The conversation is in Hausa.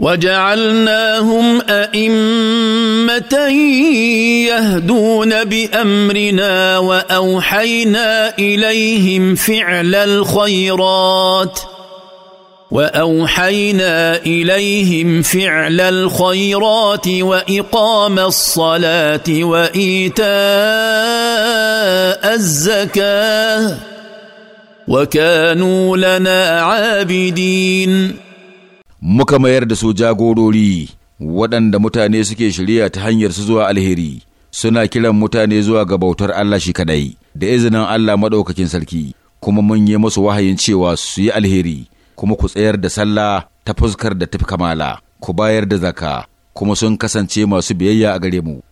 وجعلناهم ائمه يهدون بامرنا واوحينا اليهم فعل الخيرات واوحينا اليهم فعل الخيرات واقام الصلاه وايتاء الزكاه وكانوا لنا عابدين muka mayar da su jagorori waɗanda mutane suke shirya ta hanyar su zuwa alheri suna kiran mutane zuwa ga bautar Allah shi kadai da izinin Allah maɗaukakin sarki kuma mun yi musu wahayin cewa su yi alheri kuma ku tsayar da sallah ta fuskar da tafi kamala ku bayar da zaka kuma sun kasance masu biyayya a gare mu